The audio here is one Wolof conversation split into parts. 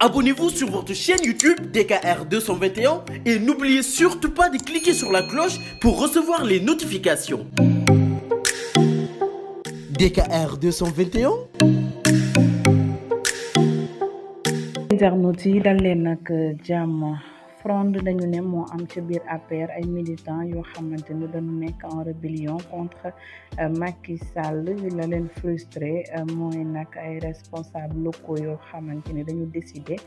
abonnez-vous sur votre chaîne YouTube DKR221 et n'oubliez surtout pas de cliquer sur la cloche pour recevoir les notifications. DKR221. internautes yi dal leen nag jàmm. fronde dañu ne moo am ca biir APR ay militants yoo xamante ni dañu nekk en rébellion contre euh, Macky Sall yu leen frustré euh, mooy nag ay responsables locaux yoo xamante ni dañu décider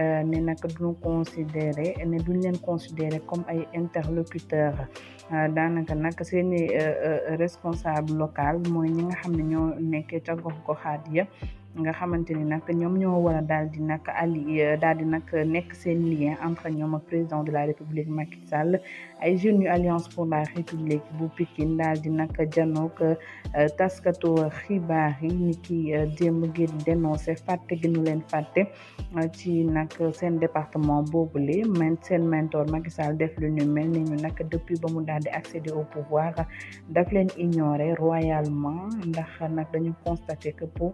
euh, ne nag duñu considéré ne duñ leen considéré comme ay interlocuteurs daanaka nag seeni responsable local mooy ñi nga xam ne ñoo nekkee ca gox goxaat ya nga xamante ni nag ñoom ñoo war a daal di nag allié euh, daal di nag nekk seen lien entre ñoom ak président de la république Macky Sall ay jeunes yu alliance pour la république bu Pikine daal di nag janook euh, taskatu xibaar yi ni ki euh, démb ngir dénoncé fàtte gi ñu leen fàtte ci nag seen département boobule man seen mentor Macky Sall def lu ñu mel ni ñu nag depuis ba mu daal di accéder au pouvoir daf leen ignorer royalement ndax nag dañu constaté que pour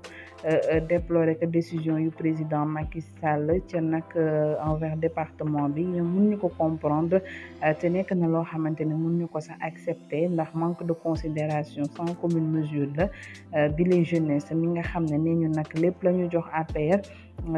Euh, déplorer que décision yu président Macky Sall ca nag euh, envers département bi ñoom mun ñu ko comprendre euh, te nekk na loo xamante ne mun ñu ko sax accepter ndax manque de considération sans commune mesure la bi les jeunesse mi nga xam ne ne ñu nag lépp la ñu jox APR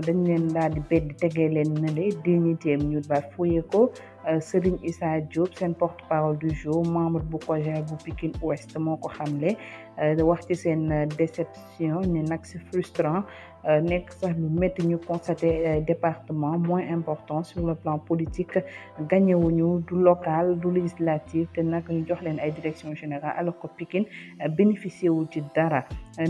dañ leen daal di beddi tegee leen nale dignité ñu ba fuye ko Euh, Serigne Issa Diop seen porte parole du jour membre bu COJER bu Pikine Ouest moo ko xamle euh, wax ci seen euh, déception ne nag c'est frustrant Euh, nekk sax lu métti ñu constaté euh, département moins important sur le plan politique gagné wuñu du local du législatif te nag ñu jox leen ay direction générale alors que Pikine euh, bénéficié ci dara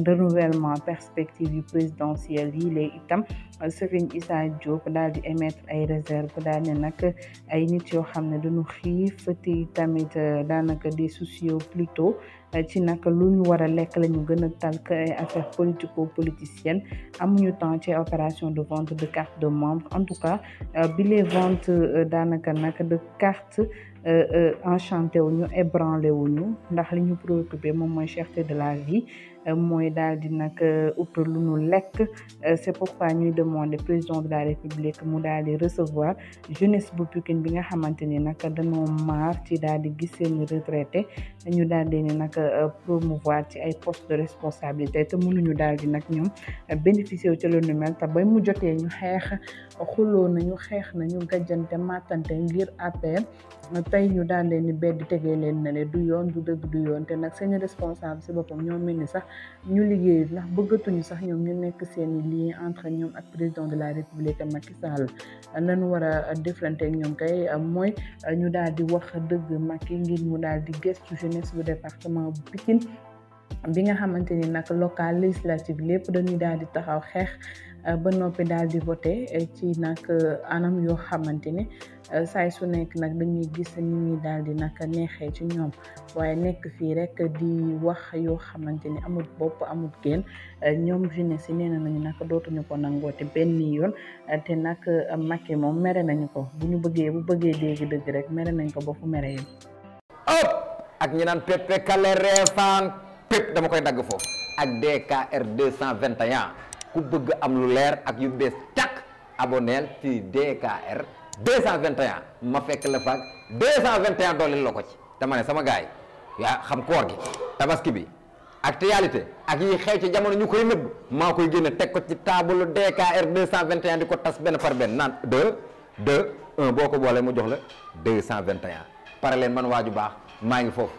renouvellement perspective yu présidentielle yi léegi itam Serigne Issa Diop daal di émettre ay réserve daal ne nag ay nit yoo xam ne dañu xiif te tamit daanaka des soucieux plutôt ci nag lu ñu war a lekk la ñu gën a talk ay euh, affaire politico politicienne amuñu temps ci opération de vente de carte de membre en tout cas euh, bi les euh, daanaka nag de carte Euh, euh, enchanté wuñu ébranlé wuñu ndax li ñu préoccupé moom mooy cherté de la vie euh, mooy daal di nag ut lu ñu lekk c'est pourquoi ñuy demander président de la république mu daal di recevoir jeunesse bu Pikine bi nga xamante ni nag dañoo maar ci daal di gis seeni retraité ñu daal di ni nag promouvoir ci ay postes de responsabilité te mënuñu daal di nag ñoom bénéficier wu ci lu nu mel te mu jotee ñu xeex xuloo nañu xeex na nañu gajjante màttante ngir APR tey ñu daal leen ni bedd tegee leen na ne du yoon du dëgg du yoon te nag seen responsable si boppam ñoom mel ni sax ñu liggéey ndax bëggatuñu sax ñoom ñu nekk seen lii entre ñoom ak président de la république Macky Sall lañu war a deflante ak ñoom kay am mooy ñu daal di wax dëgg Macky ngir mu daal di gëstu jeunesse bu département bu Pikine bi nga xamante ni nag local législative lépp dañuy daal di taxaw xeex euh, ba noppi daal di voté euh, ci nag euh, anam yoo xamante ne saay su nekk nag dañuy gis ni ñuy daal di nag neexee ci ñoom waaye nekk fii rek di wax yoo xamante ni amul bopp amut génn ñoom jeunesse si nee nañu nag dootuñu ko nangooti benn yoon te nag Macky moom mere nañu ko bu ñu bëggee bu bëggee dégg dëgg rek mere nañ ko ba fu mere yem. ak ñi naan pepe kale reefaan pépp dama koy dagg foofu ak deux vingt 221 ku bëgg am lu leer ak yu bees takk aboneel ci DKR 221 ma fekk la faag 221 dooleel la ko ci dama ne sama gars yi yaa xam koor gi tabaski bi actualité ak yi xew ci jamono ñu koy nëbb maa koy génne teg ko ci taabalu DKR 221 di ko tas benn par benn naan 2 2 boo ko boolee mu jox la 221 pare leen man waaju baax maa ngi foofu